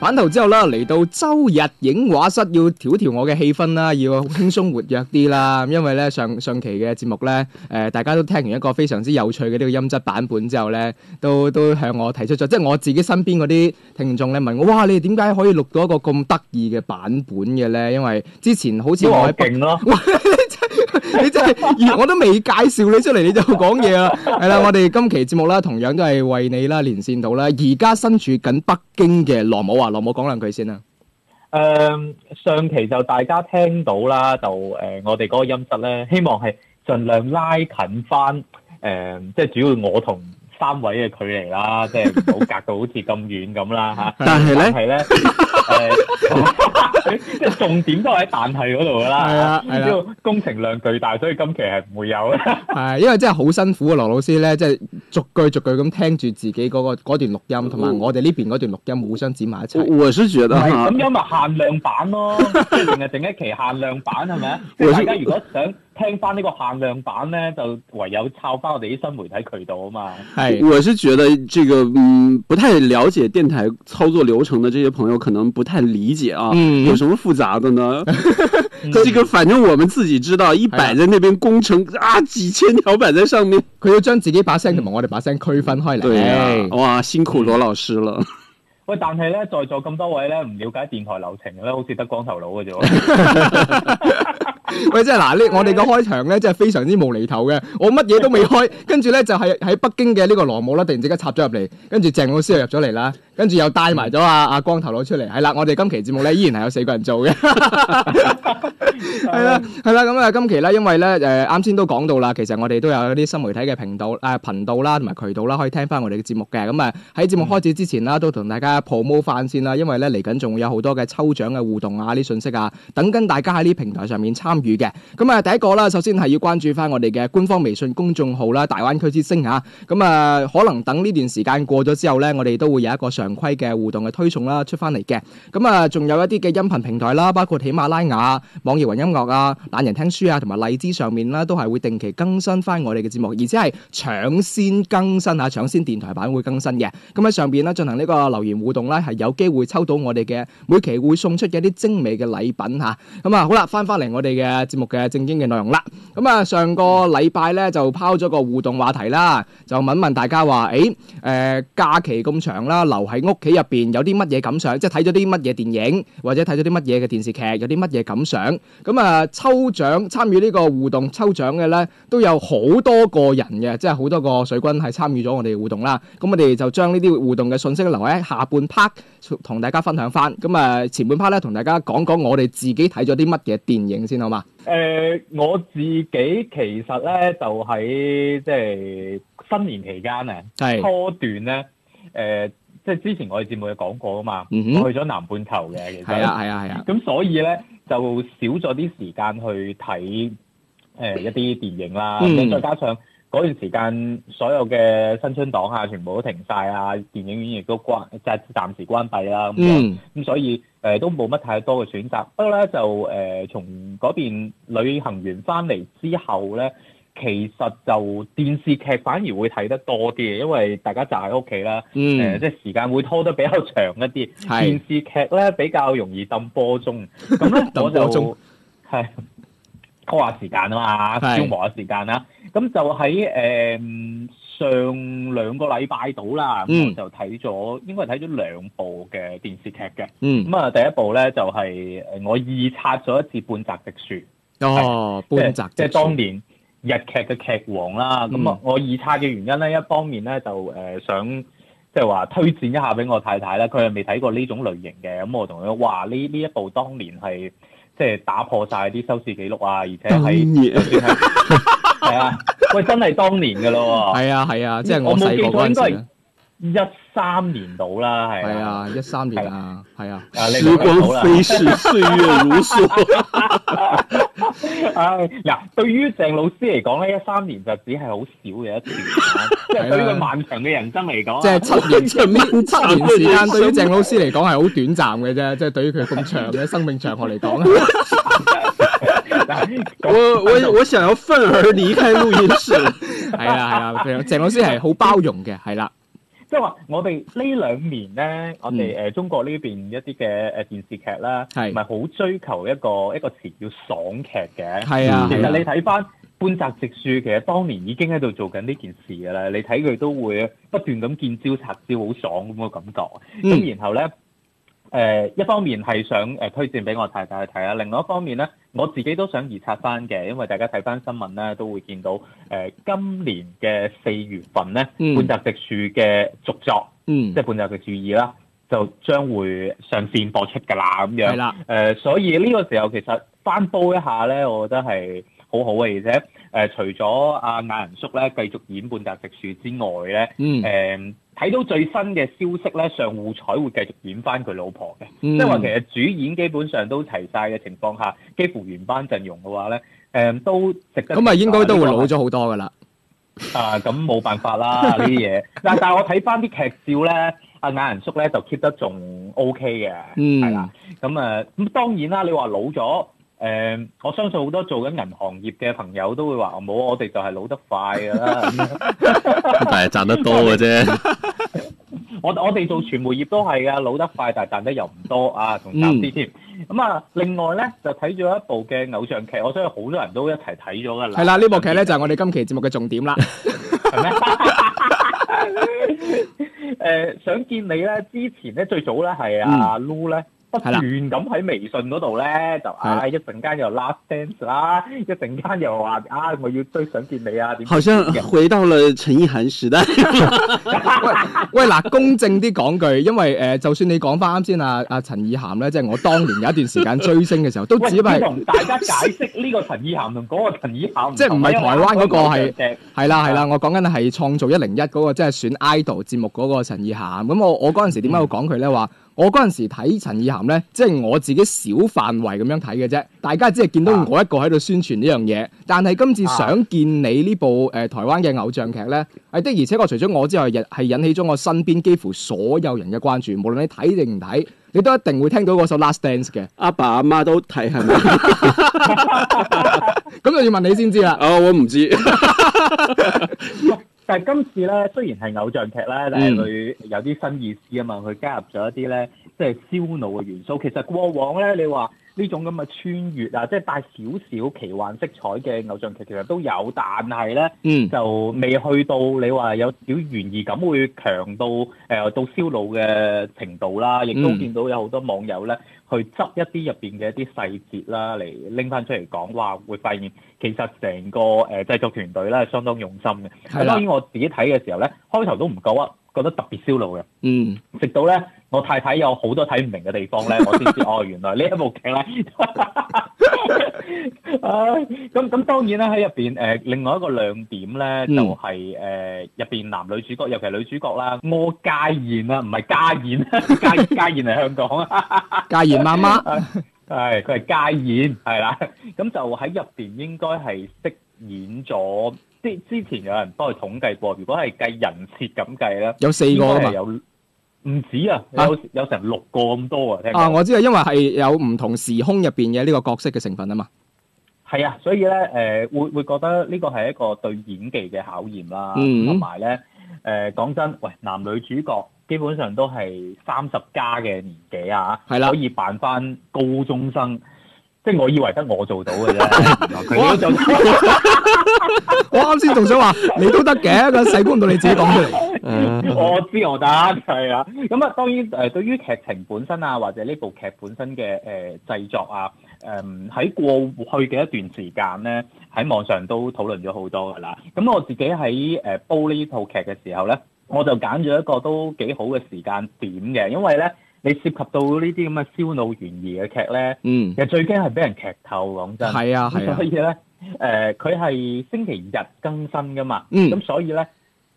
反頭之後呢，嚟到周日影畫室要調調我嘅氣氛啦，要輕鬆活躍啲啦。因為呢，上上期嘅節目呢，誒、呃，大家都聽完一個非常之有趣嘅呢個音質版本之後呢，都都向我提出咗，即係我自己身邊嗰啲聽眾呢，問我：「哇，你哋點解可以錄到一個咁得意嘅版本嘅呢？」因為之前好似都我勁咯。 你真係，我都未介紹你出嚟，你就講嘢啦。係啦，我哋今期節目啦，同樣都係為你啦連線到啦。而家身處緊北京嘅羅母啊，羅武講兩句先啦。誒、呃，上期就大家聽到啦，就誒、呃，我哋嗰個音質咧，希望係盡量拉近翻，誒、呃，即係主要我同。單位嘅距離啦，即係唔好隔到好似咁遠咁啦嚇。但係咧，係咧，即係重點都喺但係嗰度啦。係啊，係啦。工程量巨大，所以今期係唔會有。係，因為真係好辛苦啊，羅老師咧，即係逐句逐句咁聽住自己嗰個嗰段錄音，同埋我哋呢邊嗰段錄音互相剪埋一齊。我是覺得，唔係咁樣咪限量版咯，即係淨係整一期限量版係咪啊？即係大家如果想。聽翻呢個限量版呢，就唯有抄翻我哋啲新媒體渠道啊嘛。係，我是覺得這個唔、嗯、不太了解電台操作流程的這些朋友可能不太理解啊。嗯，有什麼複雜的呢？嗯、 這個反正我們自己知道，一擺在那邊工程啊，啊，幾千條擺在上面。佢要將自己把聲同埋我哋把聲區分開嚟。對、啊，哇，辛苦羅老師了。嗯。喂，但係咧在座咁多位咧，唔了解電台流程咧，好似得光頭佬嘅啫 喂，即係嗱，呢我哋嘅開場咧，即係非常之無厘頭嘅。我乜嘢都未開，跟住咧就係喺北京嘅呢個羅武啦，突然之間插咗入嚟，跟住鄭老師又入咗嚟啦，跟住又帶埋咗阿阿光頭佬出嚟。係啦， 我哋今期節目咧依然係有四個人做嘅。係啦，係啦，咁啊，今期咧，因為咧誒啱先都講到啦，其實我哋都有一啲新媒體嘅頻道誒頻道啦，同埋渠道啦，可以聽返我哋嘅節目嘅。咁啊喺節目開始之前啦，都同大家。啊 promotion 先啦，因為咧嚟緊仲會有好多嘅抽獎嘅互動啊，啲信息啊，等緊大家喺呢平台上面參與嘅。咁啊，第一個啦，首先係要關注翻我哋嘅官方微信公眾號啦，大灣區之聲啊。咁、嗯、啊，可能等呢段時間過咗之後呢，我哋都會有一個常規嘅互動嘅推送啦、啊，出翻嚟嘅。咁、嗯、啊，仲有一啲嘅音頻平台啦、啊，包括喜馬拉雅、網易雲音樂啊、懶人聽書啊，同埋荔枝上面啦、啊，都係會定期更新翻我哋嘅節目，而且係搶先更新啊，搶先電台版會更新嘅。咁、嗯、喺上邊呢，進行呢個留言。互動咧，係有機會抽到我哋嘅每期會送出嘅一啲精美嘅禮品吓，咁啊、嗯、好啦，翻翻嚟我哋嘅節目嘅正經嘅內容啦。咁、嗯、啊，上個禮拜咧，就拋咗個互動話題啦，就問問大家話，誒、哎、誒、呃、假期咁長啦，留喺屋企入邊有啲乜嘢感想？即係睇咗啲乜嘢電影或者睇咗啲乜嘢嘅電視劇，有啲乜嘢感想？咁、嗯、啊，抽獎參與呢個互動抽獎嘅咧，都有好多個人嘅，即係好多個水軍係參與咗我哋嘅互動啦。咁、嗯、我哋就將呢啲互動嘅信息留喺下半 part 同大家分享翻，咁啊前半 part 咧同大家講講我哋自己睇咗啲乜嘢電影先好嘛？誒，我自己其實咧就喺即係新年期間啊，初是段咧誒、呃，即係之前我哋節目有講過啊嘛，mm hmm. 我去咗南半球嘅其實，係啊係啊係啊，咁、啊啊、所以咧就少咗啲時間去睇誒、呃、一啲電影啦，再加上。Hmm. 嗰段時間，所有嘅新春檔啊，全部都停晒啊，電影院亦都關，即係暫時關閉啦、啊。嗯。咁所以誒、呃、都冇乜太多嘅選擇。不過咧就誒、呃，從嗰邊旅行完翻嚟之後咧，其實就電視劇反而會睇得多啲，因為大家宅喺屋企啦。嗯。誒、呃，即係時間會拖得比較長一啲。係是。電視劇咧比較容易揼波鐘。咁咧我就係拖 中、 啊啊、下時間啊嘛，消磨下時間啦。咁就喺誒、呃、上兩個禮拜度啦，嗯、我就睇咗應該係睇咗兩部嘅電視劇嘅。咁啊、嗯，第一部咧就係、是、我二刷咗一次《半澤直樹》。哦，是《半澤直樹》即係當年日劇嘅劇王啦。咁啊，我二刷嘅原因咧，一方面咧就誒、呃、想即係話推薦一下俾我太太啦。佢係未睇過呢種類型嘅，咁我同佢話呢呢一部當年係即係打破晒啲收視記錄啊，而且係係。然 係啊，喂，真係當年噶咯，係啊係啊，即係我細個嗰陣時一三年到啦，係係啊一三年啊，係啊。時光飛逝，歲月如梭。唉，嗱，對於鄭老師嚟講咧，一三年就只係好少嘅一段，即係對於佢漫長嘅人生嚟講，即係七年，七年時間，對於鄭老師嚟講係好短暫嘅啫，即係對於佢咁長嘅生命長河嚟講。講我我我想要憤而離開錄音室，係 啊，係啊，鄭老師係好包容嘅，係啦。即係話我哋呢兩年咧，我哋誒中國呢邊一啲嘅誒電視劇啦，係咪好追求一個一個詞叫爽劇嘅？係啊，啊其實你睇翻《半澤直樹》，其實當年已經喺度做緊呢件事㗎啦。你睇佢都會不斷咁見招拆招、招，好爽咁嘅感覺。咁、嗯、然後咧。誒、呃、一方面係想誒、呃、推薦俾我太太去睇啦，另外一方面咧，我自己都想移拆翻嘅，因為大家睇翻新聞咧都會見到誒、呃、今年嘅四月份咧，嗯《半澤直樹》嘅續作，嗯，即係《半澤直樹二》啦，就將會上線播出㗎啦，咁樣。係啦、嗯。誒、呃，所以呢個時候其實翻煲一下咧，我覺得係好好嘅，而且誒、呃，除咗阿、啊、亞仁叔咧繼續演《半澤直樹》之外咧，呃、嗯，誒。睇到最新嘅消息咧，上戶彩會繼續演翻佢老婆嘅，即係話其實主演基本上都齊晒嘅情況下，幾乎原班陣容嘅話咧，誒、嗯、都值得。咁咪、嗯啊、應該都會老咗好多噶、啊、啦。 啊，咁冇辦法啦，呢啲嘢。但但係我睇翻啲劇照咧，阿雅人叔咧就 keep 得仲 OK 嘅，係啦。咁啊，咁當然啦，你話老咗。誒、嗯，我相信好多做緊銀行業嘅朋友都會話，冇我哋就係老得快噶啦， 但係賺得多嘅啫 我我哋做傳媒業都係噶，老得快，但係賺得又唔多啊，仲啲添。咁啊、嗯嗯，另外咧就睇咗一部嘅偶像劇，我相信好多人都一齊睇咗噶啦。係啦、啊，呢部劇咧就係我哋今期節目嘅重點啦。係咩？誒，想見你咧，之前咧最早咧係阿 Lu 咧。不斷咁喺微信嗰度咧，就啊、哎、一陣間又 last dance 啦，一陣間又話啊我要追想見你啊點？好像回到了陳意涵時代！ 喂喂，嗱公正啲講句，因為誒、呃，就算你講翻啱先啊啊陳意涵咧，即、就、係、是、我當年有一段時間追星嘅時候，都只係同大家解釋呢個陳意涵同嗰個陳意涵，即係唔係台灣嗰個係係啦係啦，我講緊係創造一零一嗰個即係選 idol 節目嗰個陳意涵。咁我我嗰陣時點解會講佢咧話？我嗰陣時睇陳意涵呢，即係我自己小範圍咁樣睇嘅啫。大家只係見到我一個喺度宣傳呢樣嘢，但係今次想見你呢部誒、呃、台灣嘅偶像劇呢，係的而且確除咗我之外，亦係引起咗我身邊幾乎所有人嘅關注。無論你睇定唔睇，你都一定會聽到嗰首《Last Dance》嘅。阿爸阿媽都睇係咪？咁 就要問你先知啦。哦，我唔知。 但係今次咧，雖然係偶像劇啦，但係佢有啲新意思啊嘛，佢加入咗一啲咧，即係燒腦嘅元素。其實過往咧，你話。呢種咁嘅穿越啊，即係帶少少奇幻色彩嘅偶像劇，其實都有，但係咧，就未去到你話有少少懸疑感會強到誒到燒腦嘅程度啦。亦都見到有好多網友咧，去執一啲入邊嘅一啲細節啦，嚟拎翻出嚟講，哇！會發現其實成個誒製作團隊咧係相當用心嘅。係當然我自己睇嘅時候咧，開頭都唔覺啊，覺得特別燒腦嘅。嗯，直到咧。我太太有好多睇唔明嘅地方咧，我先知哦，原來呢一部劇咧，唉，咁咁當然啦，喺入邊誒，另外一個亮點咧，就係誒入邊男女主角，尤其係女主角啦，柯佳嬿啊，唔係家燕，家家燕係香港啊，家燕媽媽，係佢係佳嬿，係啦，咁就喺入邊應該係飾演咗，啲之前有人幫佢統計過，如果係計人設咁計咧，有四個啊嘛。唔止啊，有啊有，有成六個咁多啊！聽啊，我知啊，因為係有唔同時空入邊嘅呢個角色嘅成分啊嘛。係啊，所以咧，誒、呃、會會覺得呢個係一個對演技嘅考驗啦，同埋咧，誒講、呃、真，喂男女主角基本上都係三十加嘅年紀啊，係啦、啊，可以扮翻高中生。即係我以為得我做到嘅啫 我啱先仲想話你都得嘅，個細官到你自己講出嚟。 我知我得係啊，咁啊當然誒、呃，對於劇情本身啊，或者呢部劇本身嘅誒、呃、製作啊，誒、呃、喺過去嘅一段時間咧，喺網上都討論咗好多㗎啦。咁我自己喺誒煲呢套劇嘅時候咧，我就揀咗一個都幾好嘅時間點嘅，因為咧，你涉及到呢啲咁嘅燒腦懸疑嘅劇咧，其實、嗯、最驚係俾人劇透，講真。係啊，係啊。所以咧，誒、呃，佢係星期日更新噶嘛。嗯。咁所以咧，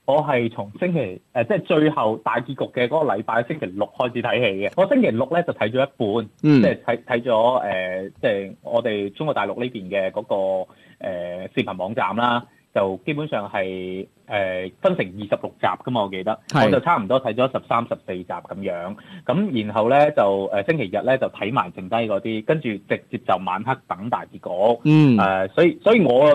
我係從星期誒、呃，即係最後大結局嘅嗰個禮拜星期六開始睇戲嘅。我星期六咧就睇咗一半，嗯、即係睇睇咗誒，即係我哋中國大陸呢邊嘅嗰、個誒、呃、視頻網站啦。就基本上係誒分成二十六集噶嘛，我記得，是我就差唔多睇咗十三、十四集咁樣，咁然後咧就誒、呃、星期日咧就睇埋剩低嗰啲，跟住直接就晚黑等大結果。嗯，誒、呃、所以所以我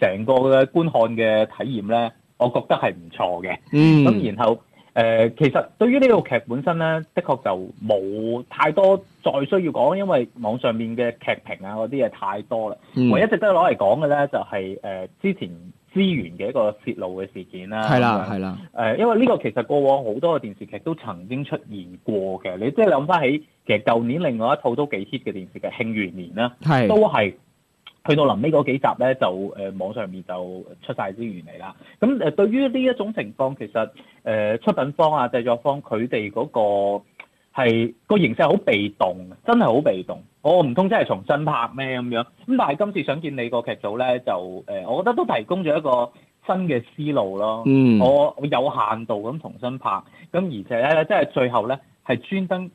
成個嘅觀看嘅體驗咧，我覺得係唔錯嘅。嗯，咁然後誒、呃、其實對於呢套劇本身咧，的確就冇太多再需要講，因為網上面嘅劇評啊嗰啲嘢太多啦。嗯，我一直都攞嚟講嘅咧就係、是、誒、呃、之前。資源嘅一個泄露嘅事件啦，係啦係啦，誒、呃，因為呢個其實過往好多嘅電視劇都曾經出現過嘅，你即係諗翻起其實舊年另外一套都幾 hit 嘅電視劇《慶餘年》啦，係的都係去到臨尾嗰幾集咧，就誒、呃、網上面就出晒資源嚟啦。咁誒對於呢一種情況，其實誒、呃、出品方啊、製作方佢哋嗰個。係、這個形式好被動，真係好被動。我唔通真係、哦、重新拍咩咁樣？咁但係今次《想見你》個劇組咧，就誒、呃，我覺得都提供咗一個新嘅思路咯。嗯，我我有限度咁重新拍，咁而且咧，即係最後咧，係專登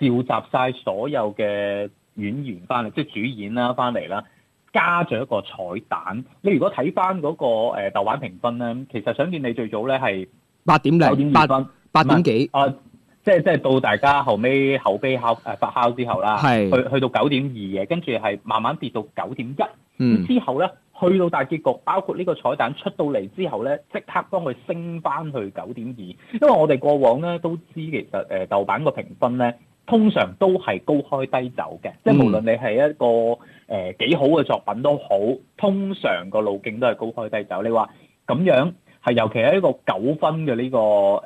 召集晒所有嘅演員翻嚟，即係主演啦翻嚟啦，加咗一個彩蛋。你如果睇翻嗰個誒豆瓣評分咧，其實想見你最早咧係八點零，八八點、八點幾啊？即係即係到大家後尾口碑烤誒發酵之後啦，係是去去到九點二嘅，跟住係慢慢跌到九點一，嗯，之後咧去到大結局，包括呢個彩蛋出到嚟之後咧，即刻幫佢升翻去九點二，因為我哋過往咧都知其實誒豆瓣個評分咧，通常都係高開低走嘅，即係、嗯、無論你係一個誒、呃、幾好嘅作品都好，通常個路徑都係高開低走。你話咁樣係尤其係一個九分嘅呢個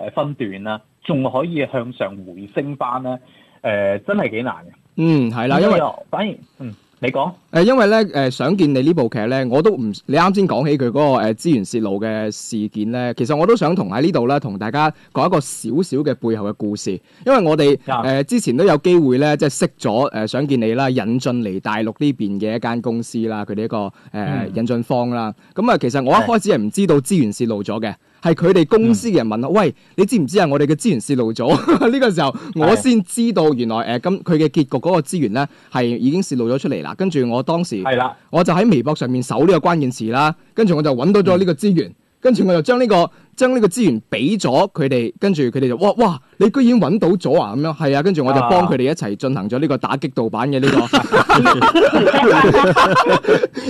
誒分段啦。仲可以向上回升翻咧？誒、呃，真係幾難嘅。嗯，係啦，因為反而，嗯，你講誒，因為咧誒，想見你呢部劇咧，我都唔，你啱先講起佢嗰個誒資源泄露嘅事件咧，其實我都想同喺呢度咧，同大家講一個少少嘅背後嘅故事，因為我哋誒之前都有機會咧，即係識咗誒想見你啦，引進嚟大陸呢邊嘅一間公司啦，佢哋一個誒引進方啦。咁啊、嗯，其實我一開始係唔知道資源泄露咗嘅。係佢哋公司嘅人問啦，喂，你知唔知啊？我哋嘅資源泄露咗呢 個時候，我先知道原來誒，咁佢嘅結局嗰個資源呢係已經泄露咗出嚟啦。跟住我當時係啦，的我就喺微博上面搜呢個關鍵詞啦，跟住我就揾到咗呢個資源， 跟住我就將呢、這個。將呢個資源俾咗佢哋，跟住佢哋就哇哇，你居然揾到咗啊！咁樣係啊，跟住我就幫佢哋一齊進行咗呢個打擊盜版嘅呢個。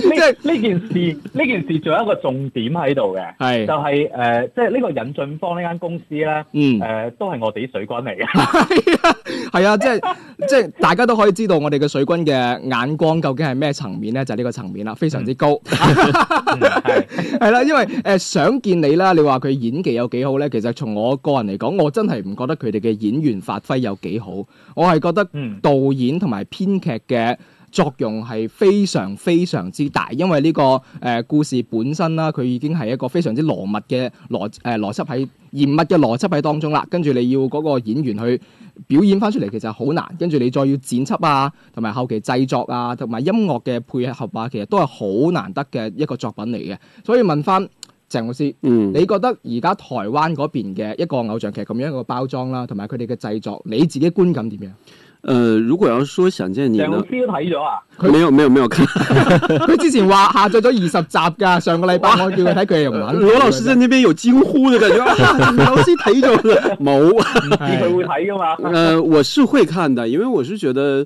呢呢件事，呢 件事仲有一個重點喺度嘅，係是就係、是、誒，即係呢個引進方呢間公司咧，誒、嗯、都係我哋啲水軍嚟嘅，係啊，即係即係大家都可以知道我哋嘅水軍嘅眼光究竟係咩層面咧，就係呢個層面啦，非常之高。係啦，因為誒、呃、想見你啦，你話佢，演技有幾好呢？其實從我個人嚟講，我真係唔覺得佢哋嘅演員發揮有幾好。我係覺得導演同埋編劇嘅作用係非常非常之大，因為呢、這個誒、呃、故事本身啦，佢已經係一個非常之羅密嘅邏誒邏輯喺嚴密嘅邏輯喺當中啦。跟住你要嗰個演員去表演翻出嚟，其實好難。跟住你再要剪輯啊，同埋後期製作啊，同埋音樂嘅配合啊，其實都係好難得嘅一個作品嚟嘅。所以問翻。鄭老師，嗯，你覺得而家台灣嗰邊嘅一個偶像劇咁樣一個包裝啦，同埋佢哋嘅製作，你自己觀感點樣？呃，如果要說想見你，鄭老師睇咗啊他沒？沒有沒有沒有看，佢 之前話下載咗二十集噶，上個禮拜我叫佢睇佢嘅原文。羅哇老師呢邊有驚呼嘅感覺，啊、老師睇咗冇？佢會睇噶嘛？ 呃，我是會看的，因為我是覺得。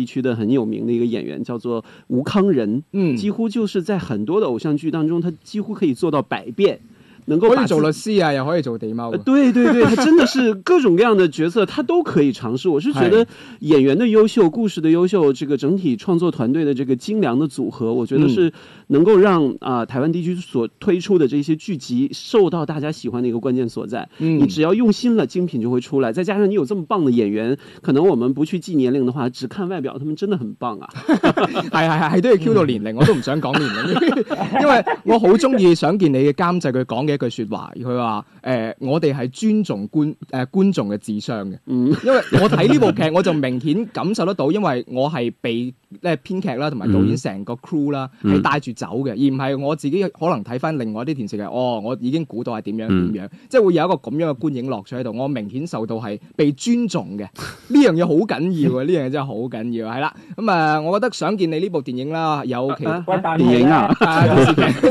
地區的很有名的一個演員叫做吳慷仁，嗯，幾乎就是在很多的偶像劇當中，他幾乎可以做到百變。能夠可以做律師啊，又可以做地貓。 對對對，他真的是各種各樣的角色，他都可以嘗試。我是覺得演員的優秀，故事的優秀，這個整體創作團隊的這個精良的組合，我覺得是能夠讓啊、呃、台灣地區所推出的這些劇集受到大家喜歡的一個關鍵所在。 你只要用心了，精品就會出來。再加上你有這麼棒的演員，可能我們不去記年齡的話，只看外表，他們真的很棒啊！哈哈哈，係系系，都係 Q 到年齡，我都唔想講年齡， 因為我好中意想見你嘅監製佢講嘅。一句說話，而佢話。誒，我哋係尊重觀誒觀眾嘅智商嘅，因為我睇呢部劇，我就明顯感受得到，因為我係被咧編劇啦，同埋導演成個 crew 啦，係帶住走嘅，而唔係我自己可能睇翻另外一啲電視劇，哦，我已經估到係點樣點樣，即係會有一個咁樣嘅觀影樂趣喺度，我明顯受到係被尊重嘅，呢樣嘢好緊要嘅，呢樣嘢真係好緊要，係啦，咁啊，我覺得想見你呢部電影啦，有其電影啊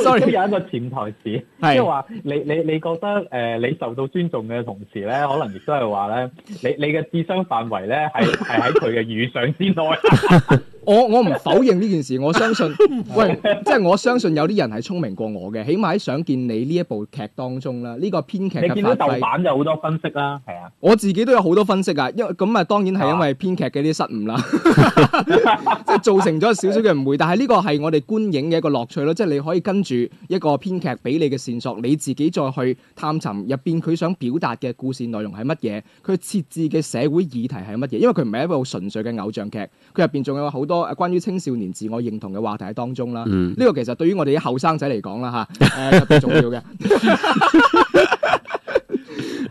，sorry，有一個潛台詞，即係話你你你覺得誒。誒、呃，你受到尊重嘅同時咧，可能亦都係話咧，你你嘅智商範圍咧，係係喺佢嘅預想之內。 我我唔否認呢件事，我相信， 喂，即係我相信有啲人係聰明過我嘅，起碼喺想見你呢一部劇當中啦，呢、這個編劇嘅反駁，你見到豆版有好多分析啦，係啊，我自己都有好多分析啊，因咁啊當然係因為編劇嘅啲失誤啦， 即係造成咗少少嘅誤會，但係呢個係我哋觀影嘅一個樂趣咯，即係你可以跟住一個編劇俾你嘅線索，你自己再去探尋入邊佢想表達嘅故事內容係乜嘢，佢設置嘅社會議題係乜嘢，因為佢唔係一部純粹嘅偶像劇，佢入邊仲有好多關於青少年自我認同嘅話題喺當中啦，呢個其實對於我哋啲後生仔嚟講啦嚇，誒特別重要嘅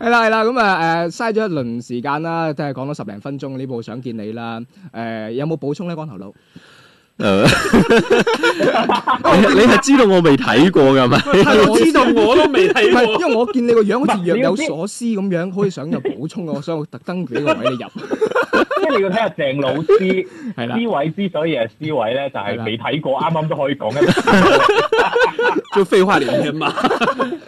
係啦係啦，咁啊誒嘥咗一輪時間啦，都係講咗十零分鐘呢部《想見你》啦，呃，誒有冇補充咧，光頭佬？誒， 你係知道我未睇過噶嘛？你係 知道我都未睇過， 因為我見你個樣好似若有所思咁樣，可以 想有補充我，所以我特登俾個位你入。即係 你要睇下鄭老師係啦 是的 ，C 位之所以係 C 位咧，就係未睇過，啱啱都可以講啊，即係廢話連篇嘛。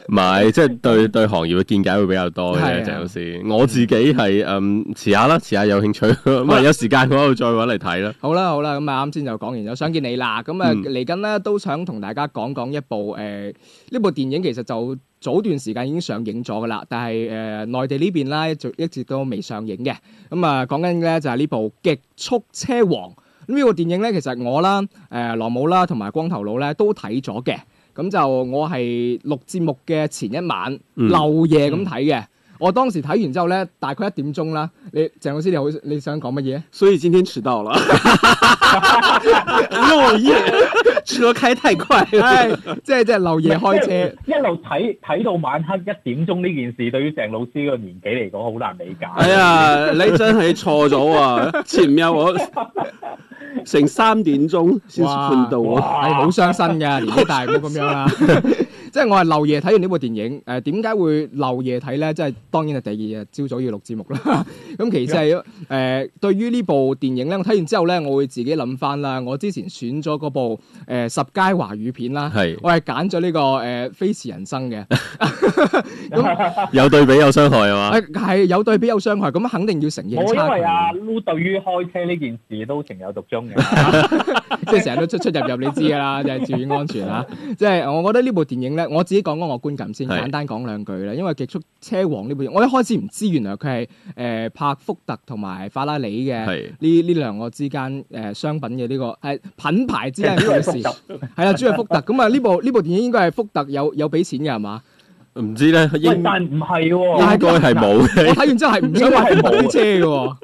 唔係，即係對對行業嘅見解會比較多嘅鄭老師。我自己係誒，遲、嗯、下啦，遲下有興趣，咁 啊有時間度再搵嚟睇啦。好啦好啦，咁啊啱先就講完。又想見你啦，咁啊嚟緊呢都想同大家講講一部誒呢、呃、部電影，其實就早段時間已經上映咗噶啦，但係誒、呃、內地邊呢邊咧就一直都未上映嘅。咁啊講緊咧就係、是、呢部《極速車王》。咁呢部電影呢，其實我啦誒、呃、羅武啦同埋光頭佬呢都睇咗嘅。咁就我係錄節目嘅前一晚，漏夜咁睇嘅。嗯嗯。我當時睇完之後咧，大概一點鐘啦。你鄭老師你好，你想講乜嘢？所以今天遲到了 以，漏夜， 遲到太虧，即係即係漏夜開車一，一路睇睇到晚黑一點鐘呢件事，對於鄭老師呢個年紀嚟講好難理解。哎呀，你真係錯咗啊！ 前日我成三點鐘先判到，哇，好傷哇心噶，年紀大咁樣啦、啊。 即係我係漏夜睇完呢部電影，誒點解會漏夜睇呢？即係當然係第二日朝早要錄節目啦。 咁其實係誒對於呢部電影咧，我睇完之後咧，我會自己諗翻啦。我之前選咗嗰部誒十佳華語片啦，是我係揀咗呢個誒《飛、呃、馳人生》嘅 那。 有對比有傷害啊嘛？係有對比有傷害，咁肯定要承認。因為阿 Loo 對於開車呢件事都情有獨鍾嘅， 即係成日都出出入入，你知㗎啦，就係注意安全啦。即係 我覺得呢部電影咧，我自己講講我觀感先，是簡單講兩句啦。因為《極速車王》呢部電影，我一開始唔知原來佢係誒拍，福特同埋法拉利嘅呢呢兩個之間誒商品嘅呢個係品牌之間嘅事係啊，主要福特咁啊呢部呢部電影應該係福特有有俾錢嘅係嘛？唔知咧，英但唔係喎，應該係冇嘅。我睇完之後係唔想話係冇車嘅，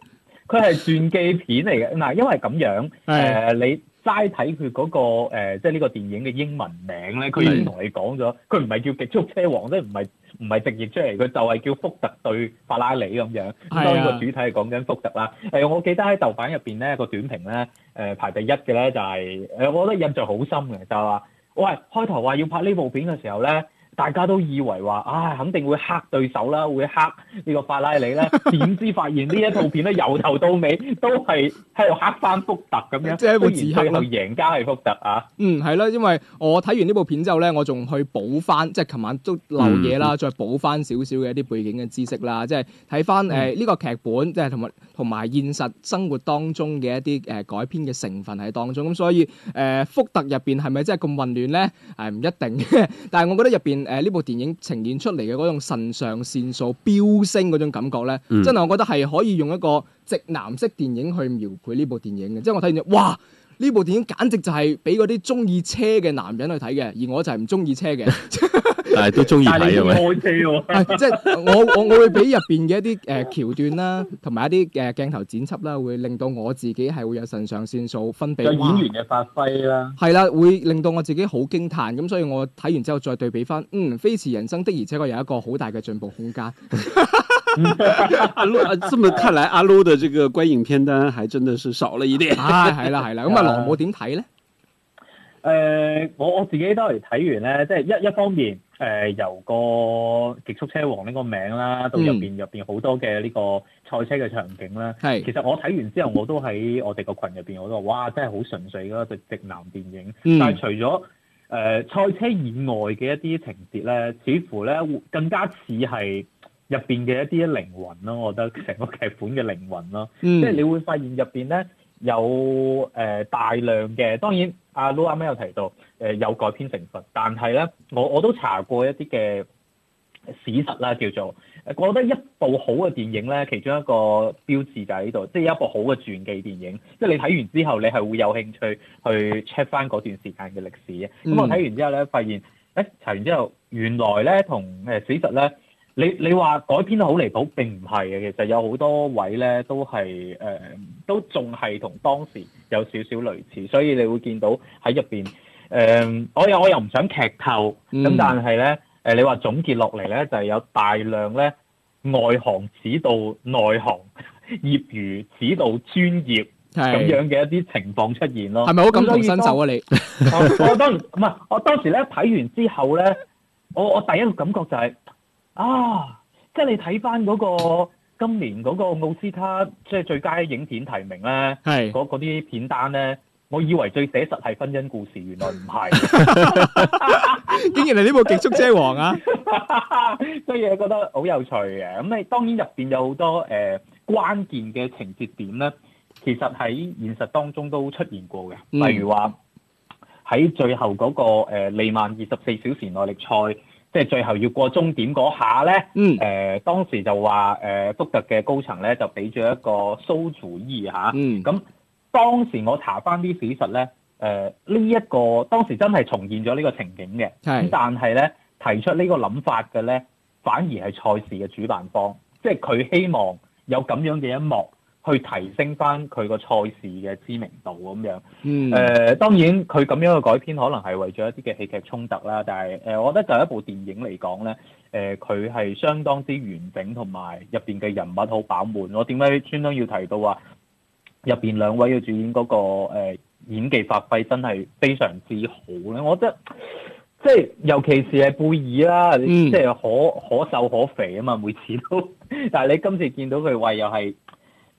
佢 係 傳記片嚟嘅嗱。因為咁樣誒、 呃，你齋睇佢嗰個誒、呃，即係呢個電影嘅英文名咧，佢已經同你講咗，佢唔係叫極速車王即係，唔係。唔係直接出嚟，佢就係叫福特對法拉利咁樣，當、啊、個主體係講緊福特啦。誒、欸，我記得喺豆瓣入邊咧個短評咧，誒、呃、排第一嘅咧就係、是，誒、呃、我覺得印象好深嘅就係話，喂開頭話要拍呢部片嘅時候咧。大家都以為話啊，肯定會黑對手啦，會黑呢個法拉利咧。點知發現呢一套片咧， 由頭到尾都係喺度黑翻福特咁樣，即係會自黑咯。贏家係福特啊！嗯，係咯，因為我睇完呢部片之後咧，我仲去補翻，即係琴晚都漏嘢啦，再補翻少少嘅一啲背景嘅知識啦。即係睇翻誒呢個劇本，即係同埋同埋現實生活當中嘅一啲誒、呃、改編嘅成分喺當中。咁所以誒、呃、福特入邊係咪真係咁混亂咧？係唔一定嘅，但係我覺得入邊。誒呢、呃、部電影呈現出嚟嘅嗰種腎上腺素飆升嗰種感覺呢，嗯、真係我覺得係可以用一個直男式電影去描繪呢部電影嘅。即、就、係、是、我睇完就，哇！呢部電影簡直就係俾嗰啲中意車嘅男人去睇嘅，而我就係唔中意車嘅。 係都中意睇係咪？係即係我我我會俾入邊嘅一啲誒橋段啦，同埋一啲誒鏡頭剪輯啦，會令到我自己係會有腎上腺素分泌。演員嘅發揮啦，係啦，會令到我自己好驚嘆。咁所以我睇完之後再對比翻，嗯，《飛馳人生》的而且確有一個好大嘅進步空間。阿盧，這麼看來，阿盧的呢個觀影片單還真的是少了一啲。係係啦係啦，咁阿羅母點睇咧？誒，我我自己都嚟睇完咧，即係一一方面。誒、呃、由個極速車王呢、呢個名啦，到入邊入邊好多嘅呢個賽車嘅場景啦，係是，其實我睇完之後我都喺我哋個群入邊我都話，哇！真係好純粹咯，直直男電影。嗯、但係除咗誒、呃、賽車以外嘅一啲情節咧，似乎咧更加似係入邊嘅一啲靈魂咯，我覺得成個劇本嘅靈魂咯，即係、嗯、你會發現入邊咧。有誒、呃、大量嘅，當然阿、啊、Lu 啱啱有提到誒、呃、有改編成分，但係咧我我都查過一啲嘅史實啦，叫做我覺得一部好嘅電影咧，其中一個標誌就喺度，即係一部好嘅傳記電影，即係你睇完之後，你係會有興趣去 check 翻嗰段時間嘅歷史嘅。咁、嗯、我睇完之後咧，發現誒、欸、查完之後，原來咧同誒史實咧。你你話改編得好離譜，並唔係嘅。其實有好多位咧都係誒，都仲係同當時有少少類似，所以你會見到喺入邊誒，我又我又唔想劇透，咁、嗯、但係咧誒，你話總結落嚟咧就係、是、有大量咧外行指導內行、業餘指導專業咁樣嘅一啲情況出現咯。係咪好感同身受啊？你 我，我當唔係，我當時咧睇完之後咧，我我第一個感覺就係、是。啊！即係你睇翻嗰個今年嗰個奧斯卡即係最佳影片提名咧，係嗰啲片單咧，我以為最寫實係《婚姻故事》，原來唔係，竟然係呢部《極速車王》啊！所以 我覺得好有趣嘅。咁你當然入邊有好多誒、呃、關鍵嘅情節點咧，其實喺現實當中都出現過嘅，例、嗯、如話喺最後嗰、那個、呃、利曼二十四小時耐力賽。即係最後要過終點嗰下咧，誒、嗯呃、當時就話誒、呃、福特嘅高層咧就俾咗一個 show 主意嚇，咁、啊、當時我查翻啲史實咧，誒呢一個當時真係重現咗呢個情景嘅。咁是但係咧提出個呢個諗法嘅咧，反而係賽事嘅主辦方，即係佢希望有咁樣嘅一幕。去提升翻佢個賽事嘅知名度咁樣。誒、嗯呃、當然佢咁樣嘅改編可能係為咗一啲嘅戲劇衝突啦，但係誒、呃、我覺得就一部電影嚟講咧，誒佢係相當之完整同埋入邊嘅人物好飽滿。我點解專登要提到話入邊兩位嘅主演嗰、嗰個、呃、演技發揮真係非常之好咧？我覺得即係、就是、尤其是係貝爾啦，即係、嗯、可可瘦可肥啊嘛，每次都，但係你今次見到佢，話又係。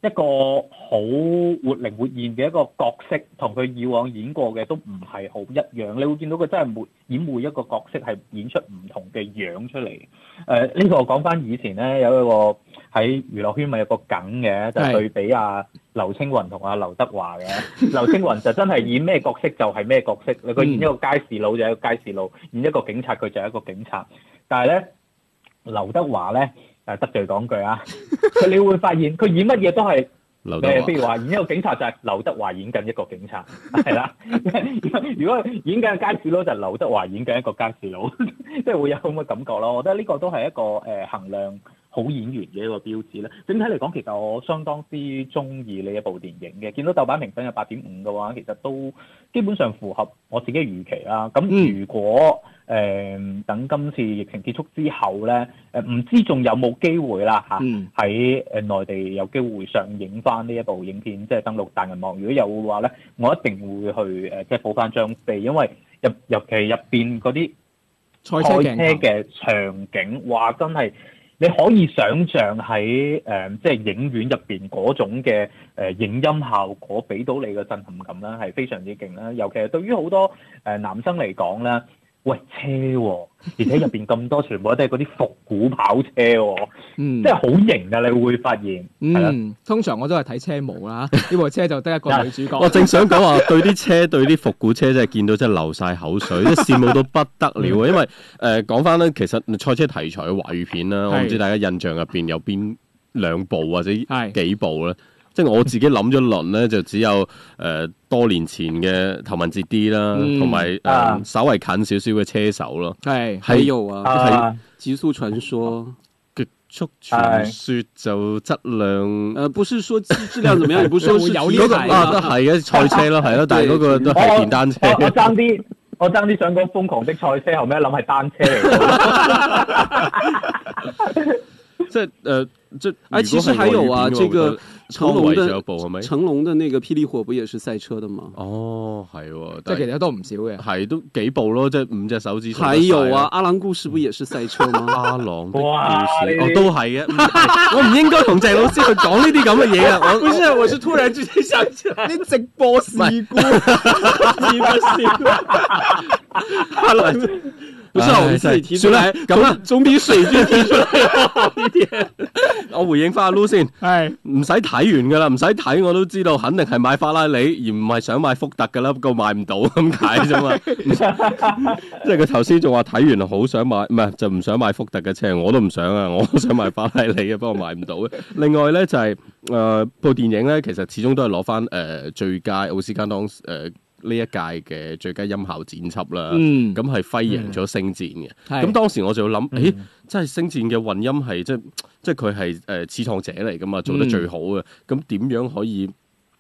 一個好活靈活現嘅一個角色，同佢以往演過嘅都唔係好一樣。你會見到佢真係每演活一個角色，係演出唔同嘅樣出嚟。誒、呃，呢、這個我講返以前咧，有一個喺娛樂圈咪有個梗嘅，就係、是、對比阿、啊、劉青雲同阿、啊、劉德華嘅。劉青雲就真係演咩角色就係咩角色，佢演一個街市佬就係一個街市佬，演一個警察佢就係一個警察。但係咧，劉德華咧。誒 得罪講句啊！佢你會發現佢演乜嘢都係，誒，譬如話演一個警察就係劉德華演緊一個警察，係啦。 如果演緊個街市佬就係、劉德華演緊一個街市佬，即 係會有咁嘅感覺咯。我覺得呢個都係一個誒、呃、衡量好演員嘅一個標誌啦。整體嚟講，其實我相當之中意呢一部電影嘅，見到豆瓣評分有八點五嘅話，其實都基本上符合我自己預期啦。咁如果、嗯誒、嗯，等今次疫情結束之後咧，誒唔知仲有冇機會啦嚇，喺誒、嗯啊、內地有機會上映翻呢一部影片，即係登陸大銀幕。如果有嘅話咧，我一定會去誒，即係補翻張飛，因為入尤其係入邊嗰啲賽車嘅場景，哇！真係你可以想像喺誒、呃、即係影院入邊嗰種嘅誒、呃、影音效果，俾到你嘅震撼感啦，係非常之勁啦。尤其係對於好多誒、呃、男生嚟講咧。喂，車喎、哦，而且入邊咁多全部都係嗰啲復古跑車喎、哦， 嗯，即係好型㗎！你會發現，係、嗯、的通常我都係睇車模啦，呢部 車就得一個女主角。 我正想講話，對啲車，對啲復古車，真係見到真係流晒口水，即係羨慕到不得了啊！ 因為誒、呃、講翻咧，其實賽車題材嘅華語片啦， 我唔知大家印象入邊有邊兩部或者幾部咧。即係我自己諗咗一輪咧，就只有誒多年前嘅頭文字 D 啦，同埋誒稍為近少少嘅車手咯。係，係有啊，係極速傳說，極速傳說就質量誒，不是說質量怎麼樣，你不說有嗰個啊，都係嘅賽車咯，係咯，但係嗰個都係電單車。我爭啲，我爭啲想講瘋狂的賽車，後尾諗係單車嚟。即係，誒，即係，誒，其實還有啊，這個。成龍的成龍的那個霹靂火不也是賽車嘅嘛？哦，係，但係其他都唔少嘅，係都幾部咯，即係五隻手指。係有啊，阿郎故事不也是賽車嗎？阿郎的故事哦，都係嘅。我唔應該同鄭老師去講呢啲咁嘅嘢啊！我即係，我是突然之間想起啲直播事故，事故，阿郎。咁啦，總比隨便貼出嚟啲。我回應翻阿 Lu 先，係唔使睇完噶啦，唔使睇我都知道，肯定係買法拉利而唔係想買福特噶啦，買不過買唔到咁解啫嘛。就是， 即係佢頭先仲話睇完好想買，唔係就唔想買福特嘅車，我都唔想啊，我想買法拉利啊，不過買唔到。另外咧就係誒部電影咧，其實始終都係攞翻誒最佳奧斯卡當誒。呃呢一屆嘅最佳音效剪輯啦，咁係輝贏咗星戰嘅。咁、嗯、當時我就諗，誒、嗯，真係星戰嘅混音係，即係即係佢係誒始創者嚟噶嘛，做得最好嘅。咁點、嗯、樣可以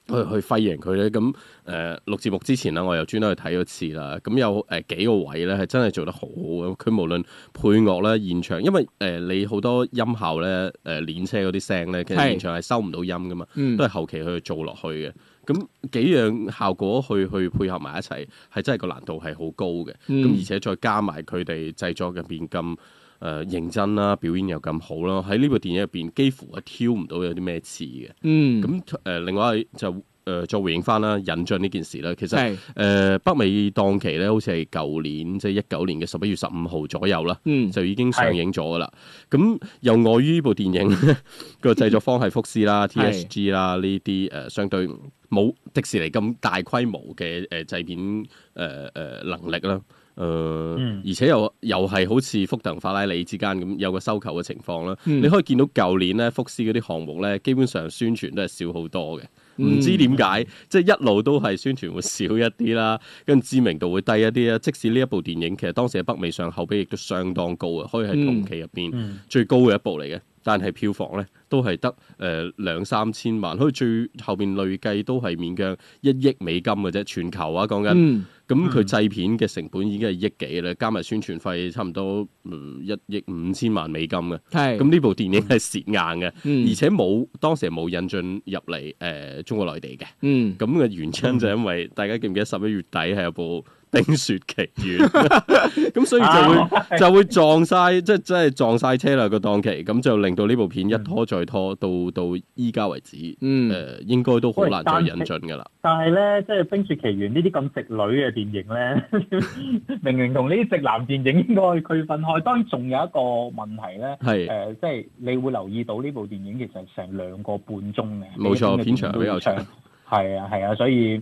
去去輝贏佢咧？咁誒錄節目之前啦，我又專登去睇咗一次啦。咁有誒、呃、幾個位咧，係真係做得好好嘅。佢無論配樂啦、現場，因為誒、呃、你好多音效咧，誒、呃、練車嗰啲聲咧，其實現場係收唔到音噶嘛，都係後期去做落去嘅。咁幾樣效果去去配合埋一齊，係真係個難度係好高嘅。咁、嗯、而且再加埋佢哋製作入邊咁誒認真啦，表演又咁好啦，喺呢部電影入邊幾乎係挑唔到有啲咩刺嘅。嗯，咁誒、呃、另外就。誒、呃，再回應翻、啊、啦，引進呢件事啦。其實誒是、呃、北美檔期咧，好似係舊年即係一九年嘅十一月十五號左右啦，嗯、就已經上映咗噶啦。咁又礙於呢部電影個製作方係福斯啦、TSG 啦呢啲誒，相對冇迪士尼咁大規模嘅誒製片誒誒、呃、能力啦。誒、呃，嗯、而且又又係好似福特同法拉利之間咁有個收購嘅情況啦。你可以見到舊年咧福斯嗰啲項目咧，基本上宣傳都係少好多嘅。唔、嗯、知點解，嗯、即係一路都係宣傳會少一啲啦，跟知名度會低一啲啦。即使呢一部電影，其實當時喺北美上口碑亦都相當高啊，可以係同期入邊、嗯嗯、最高嘅一部嚟嘅。但係票房咧都係得誒兩三千萬，可以最後面累計都係勉強一億美金嘅啫，全球啊講緊。嗯咁佢、嗯、製片嘅成本已經係億幾啦，加埋宣傳費差唔多一、嗯、億五千萬美金嘅。咁呢係、嗯、部電影係蝕硬嘅，嗯、而且冇當時係冇引進入嚟誒中國內地嘅。嗯，咁嘅原因就因為、嗯、大家記唔記得十一月底係有部？《冰雪奇緣》咁，所以就會、啊、就會撞晒、啊，即係即係撞晒車啦、個檔期，咁就令到呢部片一拖再拖，嗯、到到依家為止，誒、呃，應該都好難再引進噶啦。但係咧，即係《冰雪奇緣》呢啲咁直女嘅電影咧， 明明同呢啲直男電影應該區分開。當然，仲有一個問題咧，誒是、呃，即係你會留意到呢部電影其實成兩個半鐘嘅，冇錯錯，片長比較長，係啊，係啊，所以。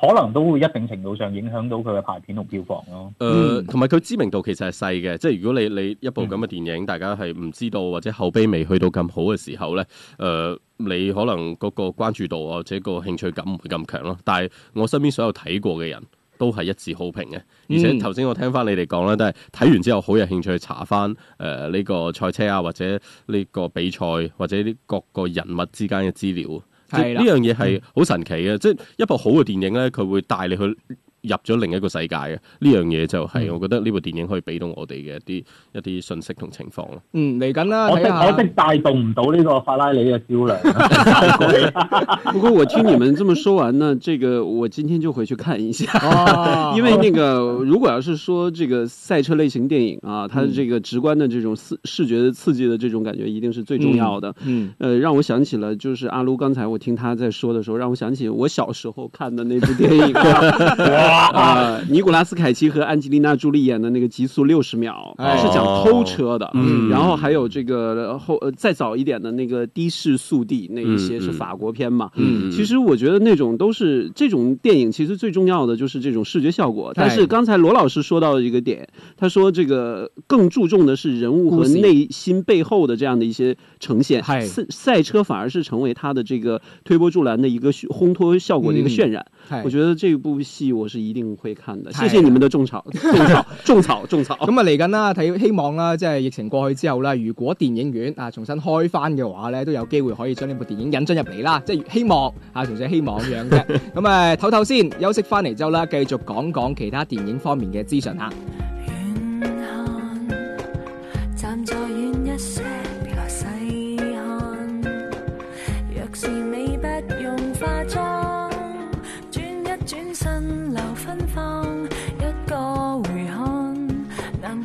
可能都會一定程度上影響到佢嘅排片同票房咯、啊。誒、嗯，同埋佢知名度其實係細嘅，即係如果你你一部咁嘅電影，嗯、大家係唔知道或者口碑未去到咁好嘅時候咧，誒、呃，你可能嗰個關注度或者個興趣感唔會咁強咯。但係我身邊所有睇過嘅人都係一致好評嘅，而且頭先我聽翻你哋講咧，嗯、都係睇完之後好有興趣去查翻誒呢個賽車啊，或者呢個比賽或者各個人物之間嘅資料。係呢樣嘢係好神奇嘅，嗯、即係一部好嘅電影咧，佢會帶你去。入咗另一個世界嘅呢樣嘢就係、是，我覺得呢部電影可以俾到我哋嘅一啲一啲信息同情況咯。嗯，嚟緊啦，可惜可惜帶動唔到呢個法拉利嘅銷量。 不過我聽你們這麼說完呢，這個我今天就回去看一下。哇因為那個 如果要是說這個賽車類型電影啊，它的這個直觀的這種視視覺的刺激的這種感覺，一定是最重要的。嗯,嗯、呃，讓我想起了，就是阿盧剛才我聽他在說的時候，讓我想起我小時候看的那部電影、啊。 啊、呃，尼古拉斯凱奇和安吉麗娜朱莉演的那個《極速六十秒》是講偷車的，oh, 嗯，然後還有這個後、呃、再早一點的那個《的士速遞》，那一些是法國片嘛，嗯，嗯，其實我覺得那種都是這種電影，其實最重要的就是這種視覺效果。但是剛才羅老師說到的一個點，他說這個更注重的是人物和內心背後的這樣的一些呈現，賽、oh, see. 賽車反而是成為他的這個推波助瀾的一個烘托效果的一個渲染。Oh, see. 我覺得這部戲我是，一定會看的，了謝謝你們的種草，種草，種草，種草。咁、 嗯、啊，嚟緊啦，睇希望啦，即係疫情過去之後啦，如果電影院啊重新開翻嘅話咧，都有機會可以將呢部電影引進入嚟啦，即係希望啊，純粹希望咁樣嘅。咁啊，唞唞先，休息翻嚟之後啦，繼續講講其他電影方面嘅資訊吓。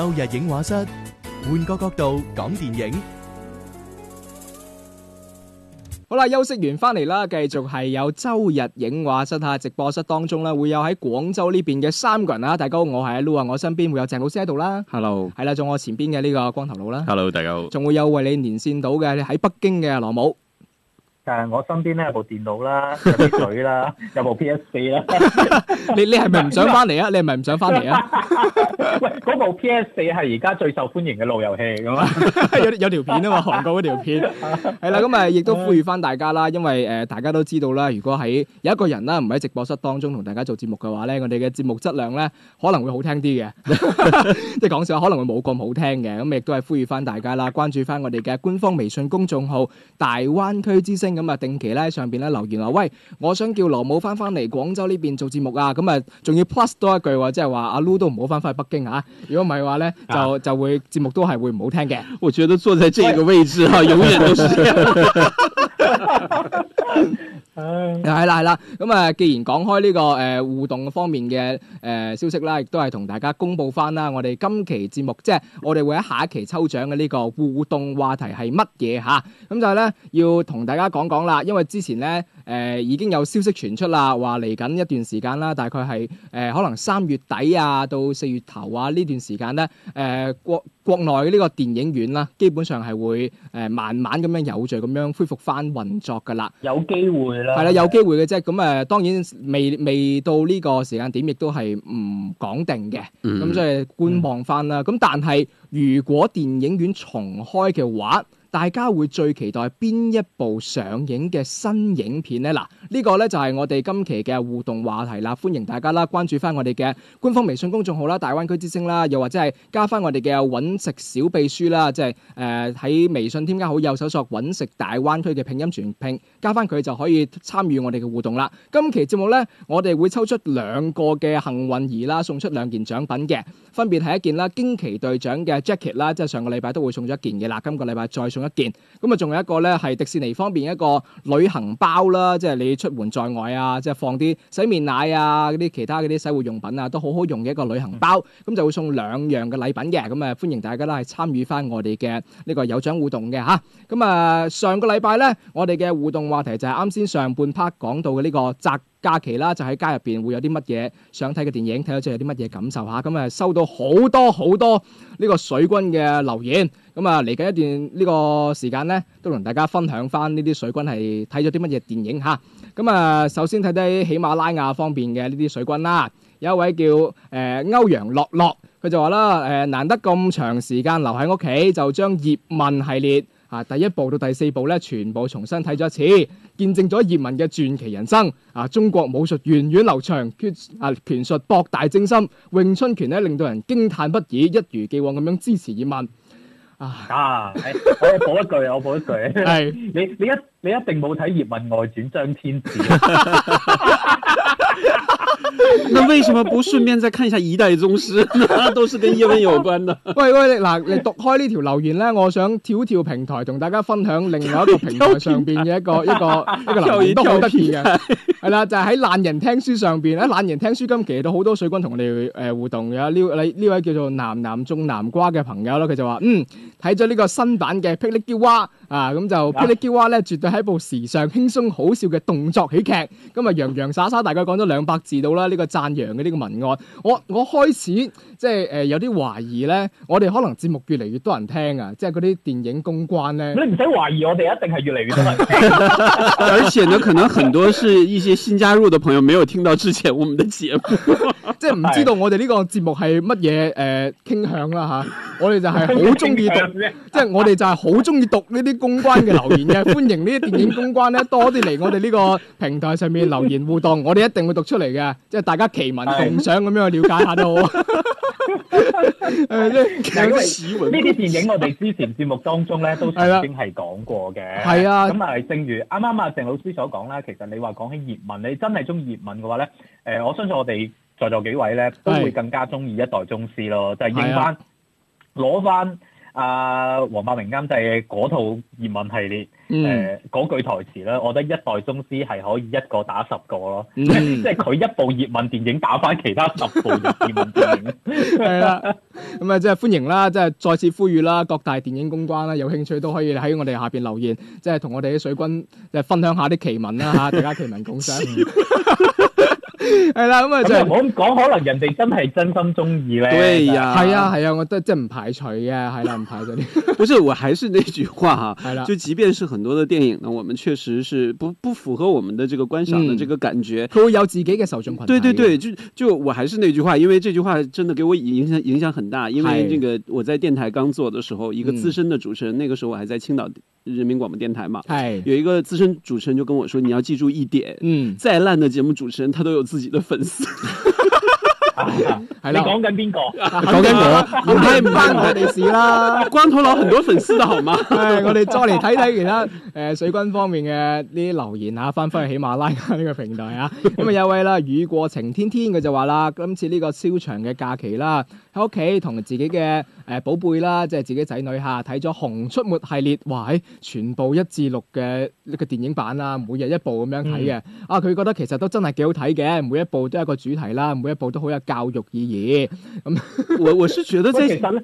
周日影畫室，換個角度講電影。好啦，休息完翻嚟啦，繼續係有周日影畫室哈，直播室當中咧會有喺廣州呢邊嘅三個人啦。大家好，我係阿 Loo 啊，我身邊會有鄭老師喺度啦。Hello，係啦，仲有我前邊嘅呢個光頭佬啦。Hello，大家好。仲會有為你連線到嘅喺北京嘅羅武。誒，我身邊咧有部電腦啦，有啲嘴啦，有部 PS4 啦。你你係咪唔想翻嚟啊？你係咪唔想翻嚟啊？喂，嗰部 PS4 係而家最受歡迎嘅路由器㗎嘛？有有條片啊嘛，韓國嗰條片。係啦，咁咪亦都呼籲翻大家啦，因為誒大家都知道啦，如果喺有一個人啦唔喺直播室當中同大家做節目嘅話咧，我哋嘅節目質量咧可能會好聽啲嘅。即係講笑，可能會冇咁好聽嘅。咁亦都係呼籲翻大家啦，關注翻我哋嘅官方微信公眾號《大灣區之聲》。咁啊、嗯，定期咧上邊咧留言啊，喂，我想叫羅武翻翻嚟廣州呢邊做節目啊，咁、嗯、啊，仲要 plus 多一句喎，即係話阿 Lu 都唔好翻翻去北京啊，如果唔係嘅話咧，就就會節目都係會唔好聽嘅。啊、我覺得坐在這個位置啊，喂永遠都是。 係，係啦，係啦。咁啊，既然講開呢、這個誒、呃、互動方面嘅誒、呃、消息啦，亦都係同大家公布翻啦。我哋今期節目，即係我哋會喺下一期抽獎嘅呢個互動話題係乜嘢吓？咁、啊、就係咧要同大家講講啦。因為之前咧誒、呃、已經有消息傳出啦，話嚟緊一段時間啦，大概係誒、呃、可能三月底啊到四月頭啊呢段時間咧，誒、呃、國國內嘅呢個電影院啦，基本上係會誒慢慢咁樣有序咁樣恢復翻運作噶啦，有機會。係啦，有機會嘅啫。咁誒，當然未未到呢個時間點，亦都係唔講定嘅。咁所以觀望翻啦。咁、嗯、但係，如果電影院重開嘅話，大家會最期待邊一部上映嘅新影片呢？嗱，呢、這個呢就係、是、我哋今期嘅互動話題啦！歡迎大家啦，關注翻我哋嘅官方微信公眾號啦，大灣區之聲啦，又或者係加翻我哋嘅揾食小秘書啦，即係誒喺微信添加好友搜索揾食大灣區嘅拼音全拼，加翻佢就可以參與我哋嘅互動啦。今期節目呢，我哋會抽出兩個嘅幸運兒啦，送出兩件獎品嘅，分別係一件啦，驚奇隊長嘅 jacket 啦，即係上個禮拜都會送咗一件嘅啦，今個禮拜再送。一件咁啊，仲有一個咧係迪士尼方面一個旅行包啦，即係你出門在外啊，即係放啲洗面奶啊嗰啲其他嗰啲洗護用品啊，都好好用嘅一個旅行包。咁就會送兩樣嘅禮品嘅，咁啊歡迎大家啦，係參與翻我哋嘅呢個有獎互動嘅吓。咁啊，上個禮拜咧，我哋嘅互動話題就係啱先上半 part 講到嘅呢個假期啦，就喺家入邊會有啲乜嘢想睇嘅電影，睇咗之後有啲乜嘢感受嚇？咁啊收到好多好多呢個水軍嘅留言，咁啊嚟緊一段呢個時間呢，都同大家分享翻呢啲水軍係睇咗啲乜嘢電影嚇。咁啊首先睇睇喜馬拉雅方面嘅呢啲水軍啦，啊，有一位叫誒、呃、歐陽樂樂，佢就話啦誒，難得咁長時間留喺屋企，就將葉問系列。啊！第一部到第四部咧，全部重新睇咗一次，見證咗葉問嘅傳奇人生。啊！中國武術源遠流長，決啊拳術博大精深，詠春拳咧令到人驚歎不已。一如既往咁樣支持葉問。啊！我補一句啊，哎、我補一句。係你你一你一定冇睇葉問外傳張天志。 那為什麼不順便再看一下一代宗師？ 都是跟葉問有關的 喂。喂喂，嗱，你讀開呢條留言呢，我想跳跳平台同大家分享另外一個平台上邊嘅一個 跳一,跳一個 跳一個留言都好得意嘅，係 啦，就係喺懶人聽書上邊。喺懶人聽書今期都好多水軍同我哋誒互動嘅。呢位,呢位叫做南南種南瓜嘅朋友啦，佢就話：嗯，睇咗呢個新版嘅霹靂嬌娃啊，咁、嗯、就霹靂嬌娃咧，絕對係一部時尚輕鬆好笑嘅動作喜劇。咁啊，洋洋灑灑，大概講咗兩百字到。啦呢個讚揚嘅呢、呢個文案，我我開始即係誒、呃、有啲懷疑咧，我哋可能節目越嚟越多人聽啊，即係嗰啲電影公關咧，你唔使懷疑，我哋一定係越嚟越多人聽。 而且呢，可能很多是一些新加入的朋友沒有聽到之前我們的節目， 即係唔知道我哋呢個節目係乜嘢誒傾向啦、啊、吓、啊，我哋就係好中意讀，即係 我哋就係好中意讀呢啲公關嘅留言嘅， 歡迎呢啲電影公關咧多啲嚟我哋呢個平台上面留言互動，我哋一定會讀出嚟嘅。即係大家奇聞共是想咁樣去了解下都好。誒，呢啲呢啲電影我哋之前節目當中咧都曾經係講過嘅。係啊。咁但正如啱啱阿鄭老師所講啦，其實你話講起葉問，你真係中意葉問嘅話咧，誒，我相信我哋在座幾位咧都會更加中意一代宗師咯，就係應翻攞翻，阿黃百鳴監製嗰套葉問系列，誒、呃、嗰、嗯、句台詞咧，我覺得一代宗師係可以一個打十個咯，嗯、即係佢一部葉問電影打翻其他十部葉問電影，係啦， 咁啊即係歡迎啦，即、就、係、是、再次呼籲啦，各大電影公關啦，有興趣都可以喺我哋下邊留言，即係同我哋啲水軍，即係分享下啲奇聞啦吓，大家奇聞共賞。 係啦，咁啊即係唔好咁講，可能人哋真係真心中意咧。對呀，係啊係啊，我真真唔排除嘅，係啦唔排除。不是，我還是那句話哈，係啦，就即便是很多的電影呢，我們確實是不不符合我們的這個觀賞的這個感覺。佢有自己嘅受眾群。對對對，就就我還是那句話，因為這句話真的給我影響影響很大，因為這個我在電台剛做的時候，一個資深的主持人，那個時候我還在青島人民廣播電台嘛，係，有一個資深主持人就跟我說，你要記住一點，嗯，再爛的節目主持人，他都有。自己都粉絲 對了，你講緊邊個？講緊、啊、我，你太唔關我哋事啦。光頭佬很多粉絲的好嘛、 哎？我哋再嚟睇睇其他誒、呃、水軍方面嘅呢啲留言吓、啊，返返去喜馬拉雅呢個平台啊。咁 啊、嗯，有位啦，雨過晴天天佢就話啦，今次呢個超長嘅假期啦。喺屋企同自己嘅誒寶貝啦，即係自己仔女嚇睇咗《熊出沒》系列，哇！喺全部一至六嘅一個電影版啊，每日一部咁樣睇嘅，嗯、啊，佢覺得其實都真係幾好睇嘅，每一部都係一個主題啦，每一部都好有教育意義。咁我我舒都即係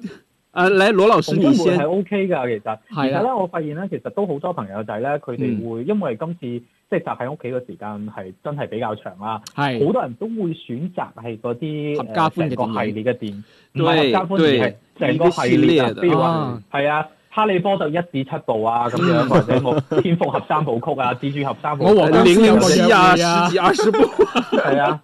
誒、啊、嚟，羅老師你先，係 OK 㗎，其實。係啊的。而家咧，我發現咧，其實都好多朋友仔係咧，佢哋會，嗯、因為今次即係宅喺屋企嘅時間係真係比較長啦。係的。好多人都會選擇係嗰啲合家歡嘅店，唔係合家歡而係成個系列，比如話係啊。啊哈利波特一至七部啊，咁樣或者我蝙蝠俠三部曲啊，蜘蛛俠三部曲，零零七啊，十幾二十部啊，係啊，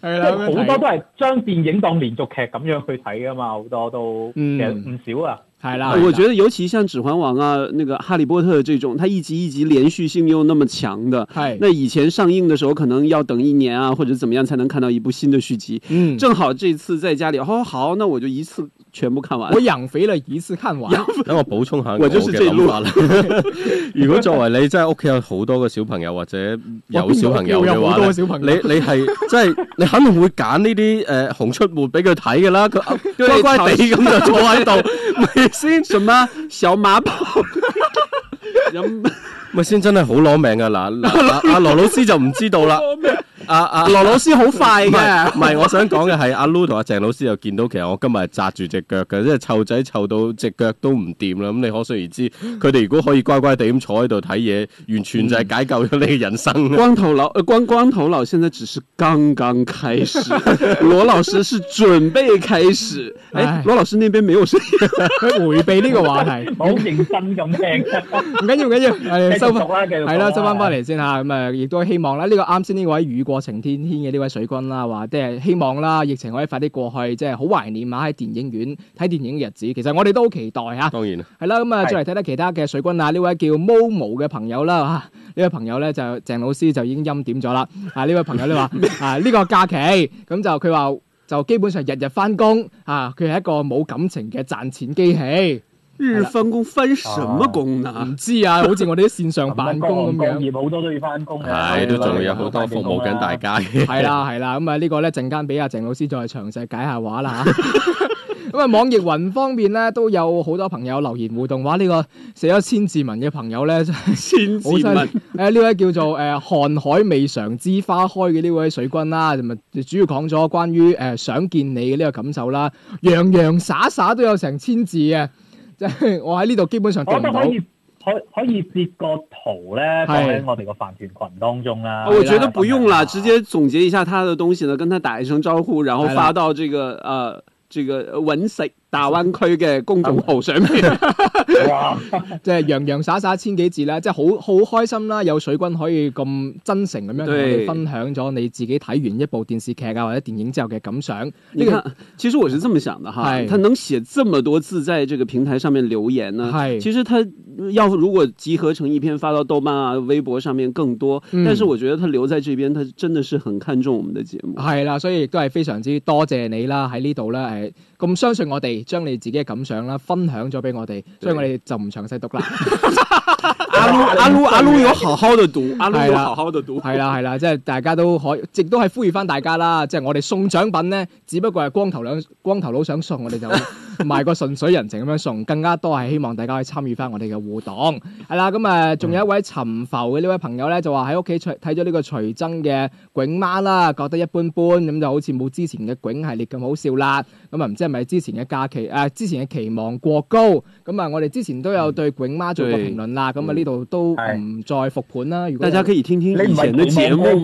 係啊，係啊，即係好多都係將電影當連續劇咁樣去睇噶嘛，好多都其實唔少啊，係啦。我覺得尤其像指環王啊，那個哈利波特這種，它一集一集連續性又那麼強的，係。那以前上映嘅時候可能要等一年啊，或者怎麼樣才能看到一部新的續集？嗯，正好這次在家裏，好好，那我就一次，全部看完，我養肥了一次看完。等 我補充下，我就是這路啦。如果作為你真係屋企有好多個小朋友或者有小朋友嘅話多小朋友、啊，你你係真係你肯定會揀呢啲誒熊出沒俾佢睇嘅啦。佢乖乖地咁就坐喺度，咪先做咩？小馬寶，咪先真係好攞命呀，嗱嗱阿羅老師就唔知道啦。阿阿羅老師好快嘅，唔係我想講嘅係阿 Lu 同阿鄭老師又見到，其實我今日紮住隻腳嘅，即係湊仔湊到隻腳都唔掂啦。咁你可想而知，佢哋如果可以乖乖地咁坐喺度睇嘢，完全就係解救咗你嘅人生。光頭佬，光光頭佬，現在只是剛剛開始，羅老師是準備開始。哎，羅老師呢邊沒有聲音，回避呢個話題，好認真咁聽，唔緊要，唔緊要，係收翻啦，係啦，收翻翻嚟先吓，咁啊，亦都希望啦，呢個啱先呢位雨過晴天軒嘅呢位水軍啦，話即係希望啦，疫情可以快啲過去，即係好懷念啊！喺電影院睇電影嘅日子，其實我哋都好期待吓、啊。當然啦，係啦，咁、嗯、是啊，再嚟睇睇其他嘅水軍啊，呢位叫毛毛嘅朋友啦，呢位朋友咧就鄭老師就已經欽點咗啦。啊，呢、這、位、個、朋友你話 啊，呢、這個假期咁就佢話就基本上日日翻工啊，佢係一個冇感情嘅賺錢機器。日翻工翻什麼工啊？唔知啊，好似 我哋啲線上辦公咁樣，好多都要翻工嘅，係、哎、都仲有好多服務緊大家嘅，係啦，係啦。咁、哎、啊，哎哎這個、呢個咧陣間俾阿鄭老師再詳細解下話啦。咁啊，網易雲方面咧都有好多朋友留言互動，話呢、這個寫咗千字文嘅朋友咧，千字文誒呢位叫做誒瀚、呃、海未嘗知花開嘅呢位水軍啦，就咪主要講咗關於誒想見你嘅呢個感受啦，洋洋灑灑都有成千字嘅。 我喺呢度基本上，我都可以可 可以截個圖咧，放喺是我哋個飯團群當中啦，啊。我覺得不用啦， 直接總結一下他的東西咧，跟他打一聲招呼，然後發到這個，的呃，這個揾食。大灣區嘅公眾號上面，即係洋洋灑灑千幾字啦，即係好好開心啦！有水軍可以咁真誠咁樣分享咗你自己睇完一部電視劇啊或者電影之後嘅感想。你看，這個、其實我是這麼想的哈，佢，嗯、能寫這麼多字在這個平台上面留言呢，啊？是其實佢要如果集合成一篇發到豆瓣啊、微博上面更多，嗯，但是我覺得佢留在這邊，佢真的是很看重我們的節目。係啦，所以都係非常之多謝你啦，喺呢度咧，誒、欸。咁相信我哋，將你自己嘅感想啦，分享咗俾我哋，所以是的 我哋就唔詳細讀啦 en。阿 Lu，阿 Lu，阿 Lu 要好好地讀，阿 Lu 要好好地讀。係啦，係 啦 polls，即係大家都可以，亦都係呼籲翻大家啦。即係我哋送獎品咧， 只不過係光頭兩光頭佬想送，我哋就。 同埋 個順水人情咁樣送，更加多係希望大家可以參與翻我哋嘅互動。係啦，咁誒，仲有一位沉浮嘅呢位朋友咧，就話喺屋企睇咗呢個徐崢嘅囧媽啦，覺得一般般，咁就好似冇之前嘅囧系列咁好笑啦。咁啊，唔知係咪之前嘅假期誒、呃，之前嘅期望過高。咁啊，我哋之前都有對囧媽做過評論啦。咁啊對，呢度都唔再復盤啦。大家可以天天以前都期望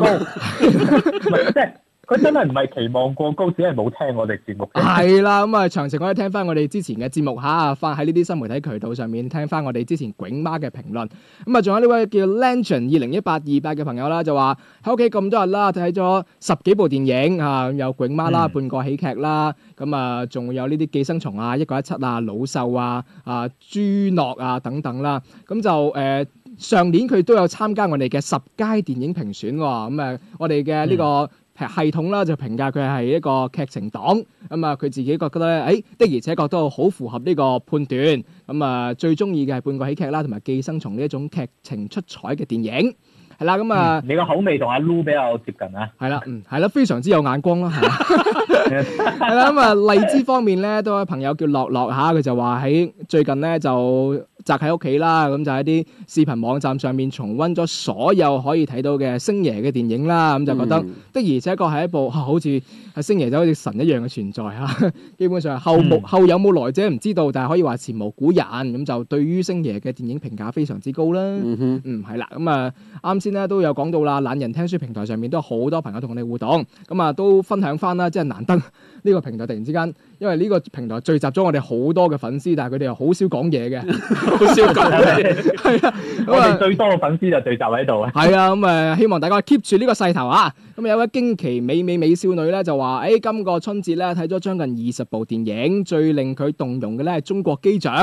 佢真係唔係期望過高，只係冇聽我哋節目。係啦，咁 啊樂，詳情可以聽翻我哋之前嘅節目嚇，翻喺呢啲新媒體渠道上面聽翻我哋之前囧媽嘅評論。咁啊、嗯，仲有呢位叫 Lantern 二零一八二八嘅朋友啦，就話喺屋企咁多日啦，睇咗十幾部電影嚇，有囧媽啦，半個喜劇啦，咁啊，仲有呢啲寄生蟲啊，一九一七啊，老獸啊，啊，朱諾啊等等啦。咁就誒上年佢都有參加我哋嘅十佳電影評選喎。咁誒，我哋嘅呢個。係系統啦，就評價佢係一個劇情黨，咁啊佢自己覺得咧，誒、哎、的而且確都好符合呢個判斷，咁、嗯、啊最中意嘅係半個喜劇啦，同埋寄生蟲呢一種劇情出彩嘅電影，係、嗯、啦，咁啊、嗯、你個口味同阿 Lu 比較接近啊，係啦、嗯，嗯係啦、嗯，非常之有眼光咯，係啦，咁啊荔枝方面咧，都有朋友叫樂樂吓，佢就話喺最近咧就。宅喺屋企啦，咁就喺啲視頻網站上面重温咗所有可以睇到嘅星爺嘅電影啦，咁就覺得的而且確係一部、啊、好似係星爺就好似神一樣嘅存在嚇。基本上後無、嗯、有冇來者唔知道，但係可以話前無古人，咁就對於星爺嘅電影評價非常之高啦。嗯哼，係啦、嗯，咁啊啱先咧都有講到啦，懶人聽書平台上面都有好多朋友同我哋互動，咁啊都分享翻啦，即係難得。呢個平台突然之間，因為呢個平台聚集咗我哋好多嘅粉絲，但係佢哋又好少講嘢嘅，好少講嘢。係啊， 咁我哋最多嘅粉絲就聚集喺度 啊。係啊，咁誒，希望大家 keep 住呢個勢頭啊！咁有位驚奇美美美少女咧就話，誒、哎，今個春節咧睇咗將近二十部電影，最令佢動容嘅咧係《中國機長》，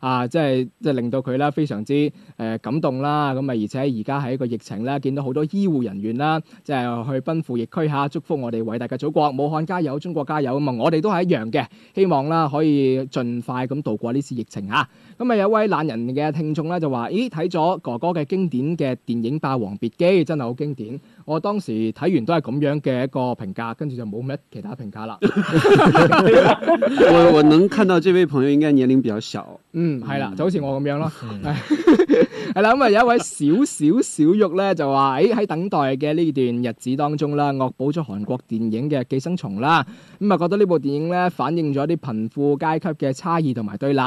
啊，即係即係令到佢咧非常之誒、呃、感動啦。咁啊，而且而家喺一個疫情咧，見到好多醫護人員啦，即、就、係、是、去奔赴疫區吓、啊，祝福我哋偉大嘅祖國，武漢加油，中國加油。咁、嗯、啊，我哋都係一樣嘅，希望啦可以盡快咁度過呢次疫情吓。啊咁啊有位懶人嘅聽眾咧就話，咦，睇咗哥哥嘅經典嘅電影《霸王別姬》，真係好經典。我當時睇完都係咁樣嘅一個評價，跟住就冇咩其他評價啦。我我能看到這位朋友應該年齡比較小。嗯，係啦，就好似我咁樣咯。係 啦，咁、嗯、啊、 嗯、有一位小小小玉咧就話，誒，喺、欸、等待嘅呢段日子當中啦，惡補咗韓國電影嘅《寄生蟲》啦。咁、嗯、啊覺得呢部電影咧反映咗啲貧富階級嘅差異同埋對立，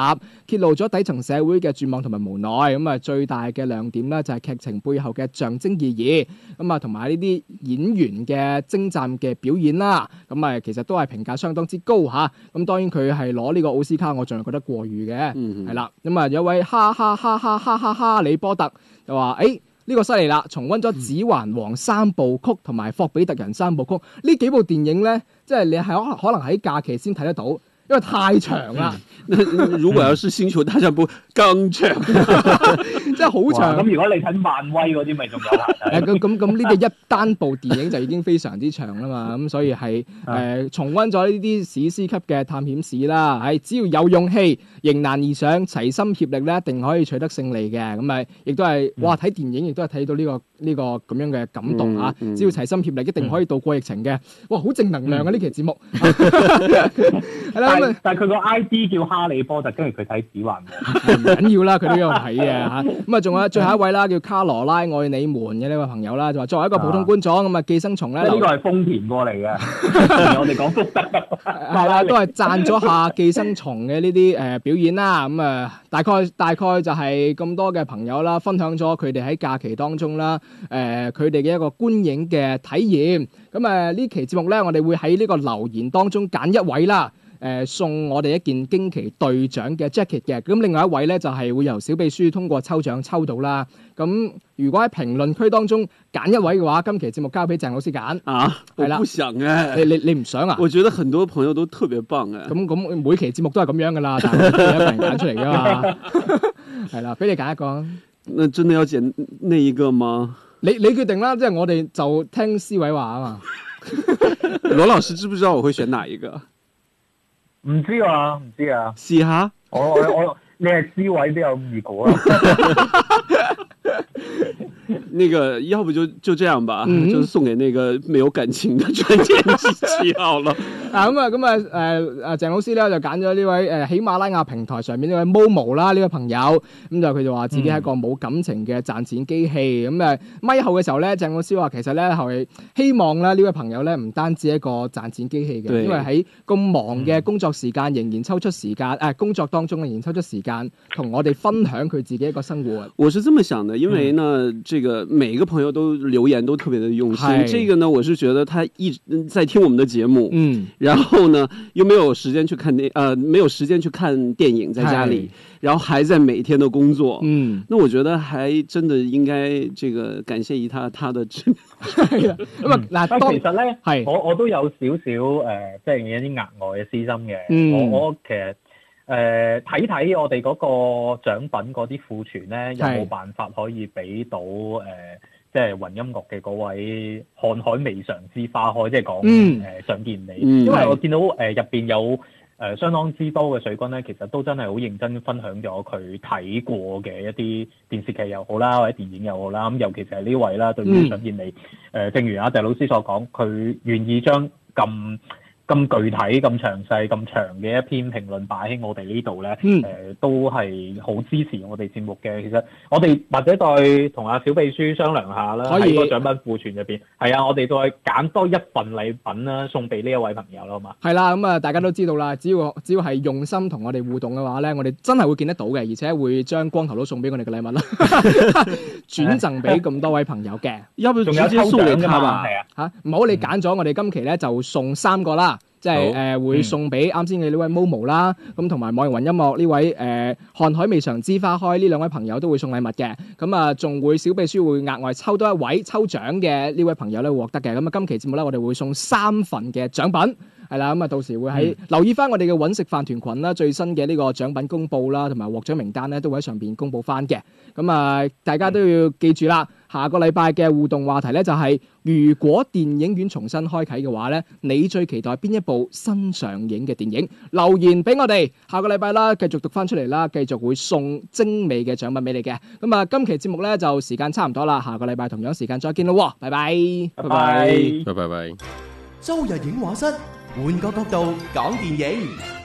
揭露咗底層社會嘅絕望同埋無奈，咁啊最大嘅亮點咧就係劇情背後嘅象徵意義，咁啊同埋呢啲演員嘅精湛嘅表演啦，咁啊其實都係評價相當之高吓。咁當然佢係攞呢個奧斯卡，我仲係覺得過譽嘅，係啦、嗯嗯。咁啊有位哈哈哈哈哈哈哈利波特就話：誒、哎、呢、呢個犀利啦，重溫咗《指環王》三部曲同埋《霍比特人》三部曲呢幾部電影咧，即係你係可能喺假期先睇得到。因為太長啦， 如果要是星球大戰部更長，即係好長。咁如果你睇漫威嗰啲，咪仲有啊？咁咁咁呢個一單部電影就已經非常之長啦嘛。咁 所以係誒、呃、重温咗呢啲史詩級嘅探險史啦。係，只要有勇氣，迎難而上，齊心協力咧，一定可以取得勝利嘅。咁咪亦都係哇，睇電影亦都係睇到呢、呢個呢、呢個咁樣嘅感動啊！嗯嗯、只要齊心協力，一定可以度過疫情嘅。哇，好正能量啊！呢期節目係啦。但係佢個 I D 叫哈利波特，跟住佢睇指環唔緊要啦，佢都有睇嘅。吓。咁啊，仲有最後一位啦、啊，叫卡羅拉愛你們嘅呢位朋友啦、啊，就話作為一個普通觀眾咁啊，寄生蟲咧呢個係豐田過嚟嘅，我哋講福特係啦， 都係讚咗下寄生蟲嘅呢啲誒表演啦。咁啊，大概大概就係咁多嘅朋友啦、啊，分享咗佢哋喺假期當中啦，誒、呃，佢哋嘅一個觀影嘅體驗。咁、呃、啊，呢期節目咧，我哋會喺呢個留言當中揀一位啦、啊。誒、呃、送我哋一件驚奇隊長嘅 jacket 嘅，咁、嗯、另外一位咧就係、是、會由小秘書通過抽獎抽到啦。咁、嗯、如果喺評論區當中揀一位嘅話，今期節目交俾鄭老師揀啊。係啦，好想欸、你你你唔想啊？我覺得很多朋友都特別棒啊。咁咁每期節目都係咁樣噶啦，但係一個人揀出嚟噶嘛。係 啦，俾你揀一個。那真的要選呢一個嗎？你你決定啦，即係我哋就聽思偉話啊嘛。 羅老師知唔知道我會選哪一個？ 唔知啊，唔知啊！試下我我我，你係 C 位都有咁易攰啊！ 那個，要不就就這樣吧，嗯啊嗯呃、就送給那個沒有感情的賺錢機器好了。咁啊、嗯，咁啊、嗯，誒，鄭老師呢，就揀咗呢位誒喜馬拉雅平台上面呢位 MoMo 啦呢位朋友，咁就佢就話自己係一個冇感情嘅賺錢機器。咁誒，咪後嘅時候呢，鄭老師話其實呢，係希望咧呢位朋友呢，唔單止一個賺錢機器嘅，對因為喺咁忙嘅工作時間仍然抽出時間，誒、嗯啊，工作當中仍然抽出時間同我哋分享佢自己一個生活。我是這麼想的。因為呢，嗯，這個每一個朋友都留言都特別的用心。是這個呢，我是覺得他一直在聽我們的節目，嗯，然後呢又沒有時間去看電，呃，沒有時間去看電影，在家裏，是然後還在每天的工作，嗯，那我覺得還真的應該，這個感謝一他他的。咁啊嗱，但其實呢，係是我我都有少少誒，即係一啲額外嘅私心嘅，嗯，我我其實。誒睇睇我哋嗰個獎品嗰啲庫存咧，有冇辦法可以俾到誒、呃，即係雲音樂嘅嗰位看海未嘗之花開，嗯、即係講誒想見你，嗯、因為我見到誒入邊有誒、呃、相當之多嘅水軍咧，其實都真係好認真分享咗佢睇過嘅一啲電視劇又好啦，或者電影又好啦，咁尤其是係呢位啦，對於想見你誒、嗯呃，正如阿迪老師所講，佢願意將咁。咁具體、咁詳細、咁長嘅一篇評論擺喺我哋呢度咧，誒、呃、都係好支持我哋節目嘅。其實我哋或者再同阿小秘書商量下啦，可以喺個獎品庫存入邊，係啊，嗯、我哋再揀多一份禮品啦，送俾呢一位朋友啦，好嘛？係啦，咁啊，大家都知道啦，只要只要係用心同我哋互動嘅話咧，我哋真係會見得到嘅，而且會將光頭佬送俾我哋嘅禮物啦， 轉贈俾咁多位朋友嘅。嗯、有冇抽獎㗎嘛、啊？嚇唔好你揀咗，我哋今期咧就送三個啦。啊啊啊即係誒會送俾啱先嘅呢位 Momo 啦，咁同埋網易雲音樂呢位誒《瀚海未嘗知花開》呢兩位朋友都會送禮物嘅，咁啊仲會小秘書會額外抽多一位抽獎嘅呢位朋友咧獲得嘅，咁啊今期節目咧我哋會送三份嘅獎品，係啦，咁啊到時會喺留意翻我哋嘅揾食飯團羣啦，最新嘅呢個獎品公佈啦，同埋獲獎名單咧都會喺上邊公佈翻嘅，咁啊大家都要記住啦。下個禮拜嘅互動話題呢、就是，就係如果電影院重新開啟嘅話呢，你最期待邊一部新上映嘅電影？留言俾我哋，下個禮拜啦，繼續讀翻出嚟啦，繼續會送精美嘅獎品俾你嘅。咁啊，今期節目呢，就時間差唔多啦，下個禮拜同樣時間再見咯，拜拜拜。周日影畫室，換個角度講電影。